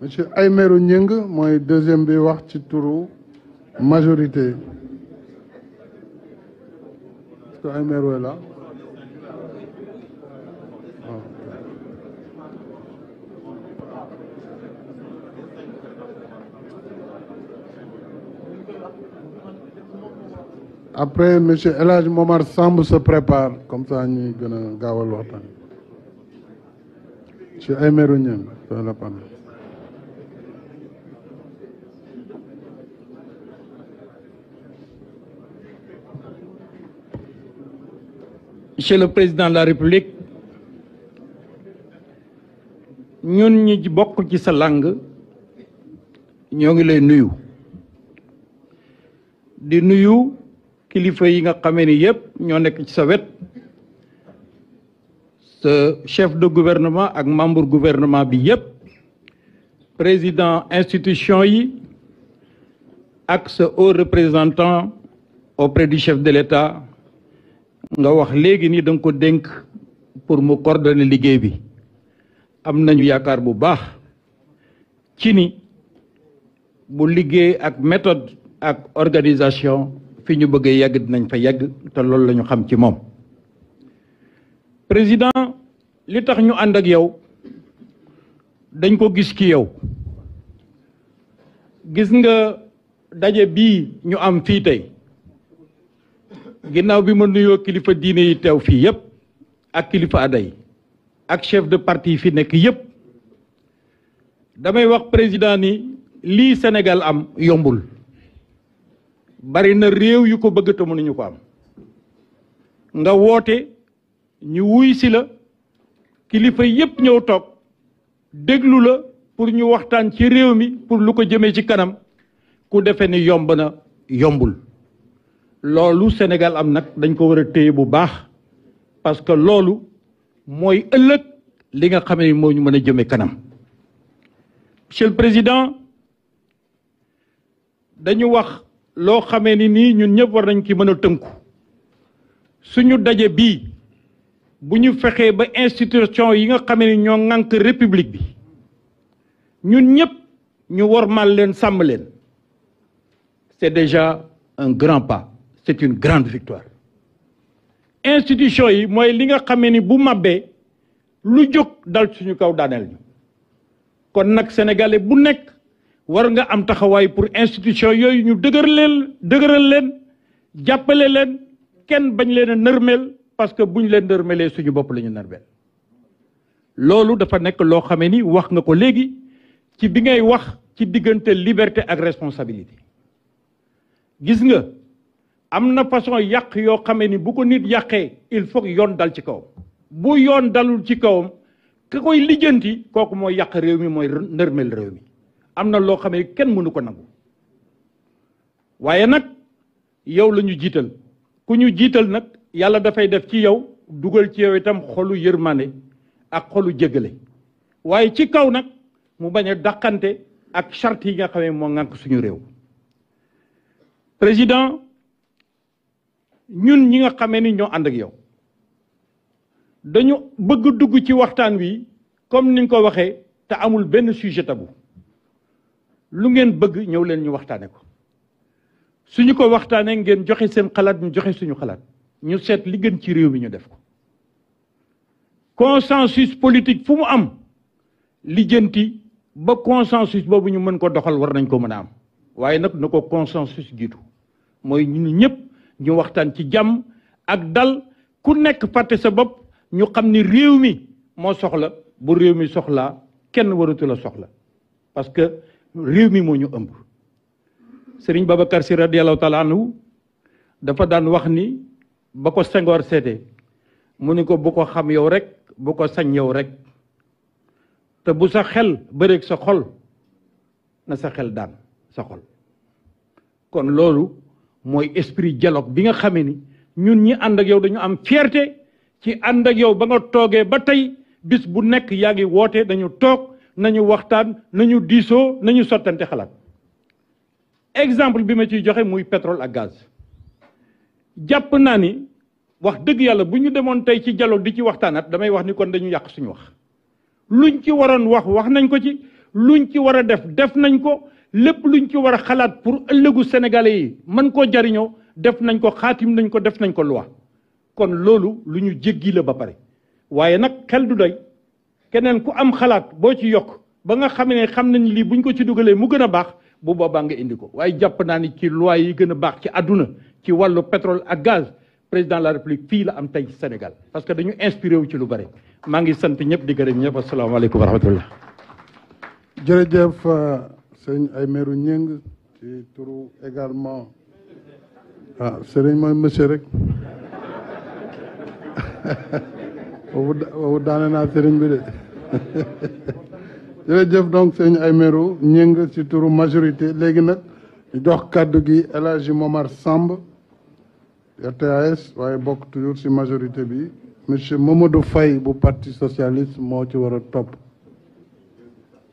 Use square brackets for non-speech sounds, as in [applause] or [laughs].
monsieur Aymerou Nyeng moy deuxième bi wax ci majorité est-ce que est là après monsieur Elage Momar Samb se prépare comme ça on gën gawal waxtan. ci ay meru ñam la pam Monsieur le Président de la République ñun ñi bokk ci sa langue ñoo ngi lay nuyu di nuyu kilifa yi nga xamee ni yépp ñoo nekk ci sa wet Euh, chef de gouvernement ak membre gouvernement bi yépp président institution yi ak ce haut représentant auprès du chef de l'État nga wax légui ni da nga ko pour mu coordonner liguey bi am nañu yaakaar bu baax ci ni bu liguey ak méthode ak organisation fi ñu bëgg yegg dinañ fa yegg te loolu lañu xam ci moom président li tax ñu and ak yow dañ ko gis ki yow gis nga dajé bi ñu am fi tay ginnaw bi ma nuyo kilifa diiné yi tew fi yépp ak kilifa aday ak chef de parti fi nek yépp damay wax président ni li Sénégal am yombul bari na réew yu ko bëgg te mënuñu ko am nga woté ñu wuy si la kilifa yépp ñëw toog déglu la pour ñu waxtaan ci réew mi pour lu ko jëmee ci kanam ku defee ni yomb na yombul loolu Sénégal am nag dañ ko war a téye bu baax parce que loolu mooy ëllëg li nga xam ne moo ñu mën a jëmee kanam monsieur président dañu wax loo xamee ni nii ñun ñëpp war nañ ki mën a tënku suñu daje bii bu ñu fexee ba institution yi nga xamee ni ñoo ŋànk république bi ñun ñëpp ñu wormal leen sàmm leen c'est déjà un grand pas c'est une grande victoire institution yi mooy li nga xamee ni bu màbbee lu jóg dal suñu kaw daaneel ñu kon nag sénégalais bu nekk war nga am taxawaay pour institution yooyu ñu dëgër leen dëgëral leen jàppale leen kenn bañ leen a nërmeel parce que ñu leen nërmelee suñu bopp la ñu nërmeel loolu dafa nekk loo xamee ni wax nga ko léegi ci bi ngay wax ci diggante liberté ak responsabilité gis nga am na façon yàq yoo xamee ni bu ko nit yàqee il faut yoon dal ci kawam bu yoon dalul ci kawam ki koy lijjanti kooku mooy yàq réew mi mooy nërmel réew mi am na loo xamee kenn mënu ko nangu waaye nag yow lañu ñu jiital ku ñu jiital nag yàlla dafay def ci yow dugal ci yaw itam xolu yërmande ak xolu jégale waaye ci kaw nag mu bañ a dàqante ak charte yi nga xamee moo ngànk suñu réew président ñun ñi nga xamee ni ñoo ànd ak yow dañu bëgg dugg ci waxtaan wi comme niñ ko waxee te amul benn sujet tabou lu ngeen bëgg ñëw leen ñu waxtaane ko suñu ko waxtaanee ngeen joxe seen xalaat ñu joxe suñu xalaat ñu seet li gën ci réew mi ñu def ko consensus politique fu mu am lijjanti ba consensus boobu ñu mën ko doxal war nañ ko mën a am waaye nag na ko consensus jiitu mooy ñun ñëpp ñu waxtaan ci jàmm ak dal ku nekk fàtte sa bopp ñu xam ni réew mi moo soxla bu réew mi soxlaa kenn waratu la soxla parce que réew mi moo ñu ëmb sëriñ babacar si radiallahu taala anhu dafa daan wax ni ba ko Senghor seete mu ni ko bu ko xam yow rek bu ko sañ yow rek te bu sa xel bëreek sa xol na sa xel daan sa xol kon loolu mooy esprit dialogue bi nga xamee ni ñun ñi ànd ak yow dañu am fierté ci ànd ak yow ba nga toogee ba tey bis bu nekk yaa ngi woote dañu toog nañu waxtaan nañu diisoo nañu sottante xalaat exemple bi ma ciy joxe muy pétrole ak gaz jàpp naa ni wax dëgg yàlla bu ñu demoon tey ci jaloo di ci waxtaanat damay wax ni kon dañu yàq suñu wax luñ ci waroon wax wax nañ ko ci luñ ci war a def def nañ ko lépp luñ ci war a xalaat pour ëllëgu sénégalais yi mën koo jariñoo def nañ ko xaatim nañ ko def nañ ko loi kon loolu lu ñu jéggi la ba pare waaye nag xel du doy keneen ku am xalaat boo ci yokk ba nga xam ne xam nañ lii buñ ko ci dugalee mu gën a baax bu boobaa nga indi ko waaye jàpp naa ni ci loi yi gën a baax ci àdduna ci wàllu pétrole ak gaz président de la république fii la am tey Sénégal parce que dañu inspiré wu ci lu bëri maa ngi sant ñëpp di gërëm ñëpp asalaamaaleykum wa rahmatullah jërëjëf euh, sëñ Aymerou Ñeng ci turu également ah sëriñ mooy monsieur rek wawu [laughs] naa sëriñ bi [laughs] jërëjëf donc sëñ Aymerou Ñeng ci turu majorité léegi nag di kaddu gi El Momar Samb RTS waaye bokk toujours ci majorité bi monsieur Mamadou Faye bu parti socialiste moo ci war a